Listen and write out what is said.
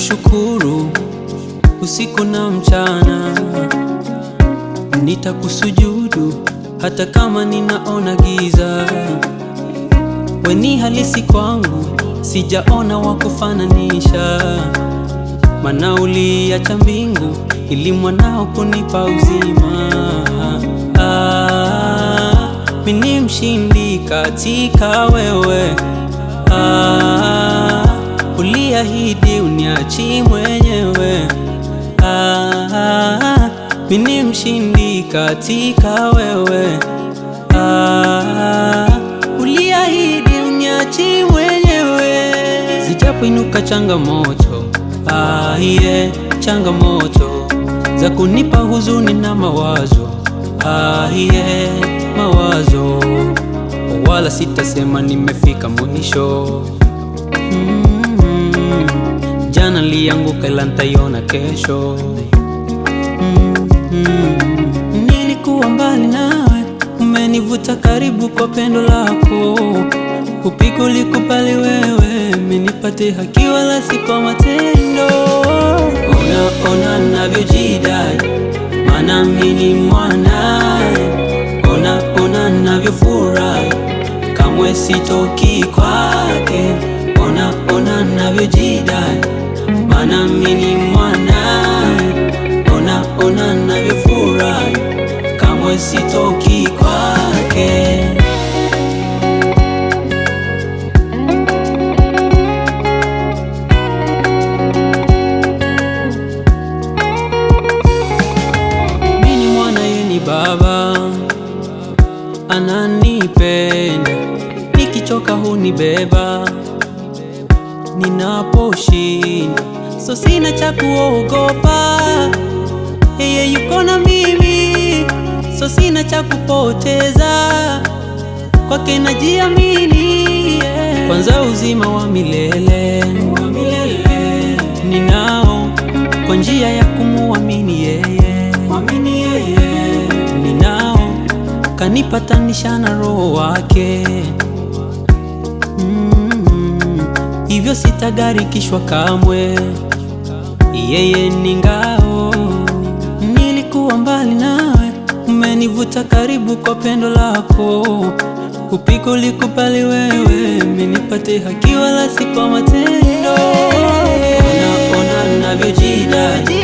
nitakushukuru usiku na mchana, nitakusujudu hata kama ninaona giza. We ni halisi kwangu, sijaona wa kufananisha, maana uliacha mbingu ili mwanao kunipa uzima. Ah, mimi ni mshindi katika wewe. Ah, uliahidi niachi mwenyewe ah, ah, ah. mini mshindi katika wewe ah, ah uliahidi uniachi mwenyewe zijapoinuka changamoto ah, yeah, changamoto za kunipa huzuni na mawazo ah, yeah, mawazo wala sitasema nimefika mwisho. yangu kila ntaiona kesho. mm, mm. Nilikuwa mbali nawe, umenivuta karibu kwa pendo lako. Kupika ulikubali wewe, minipate haki wala si kwa matendo. Ona ona navyojidai, mana mini mwanae. Ona ona navyofurahi, kamwe sitoki kwake Bwana mini mwana, ona ona navyofurahi, kamwe sitoki kwake. Mini mwana yeni baba ananipenda, nikichoka hunibeba ninaposhinda so sina cha kuogopa. Yeye yuko na mimi, so sina cha kupoteza. Kwake najiamini, yeah. Kwanza uzima wa milele, wa milele ninao kwa njia ya kumuamini yeye, muamini yeye ninao, kanipatanisha na roho wake mm-hmm. Hivyo sitagarikishwa kamwe. Yeye ni ngao, nilikuwa mbali nawe, umenivuta karibu kwa pendo lako. Kupika ulikubali wewe, minipate haki wala si kwa matendo. Ona ona navyojidai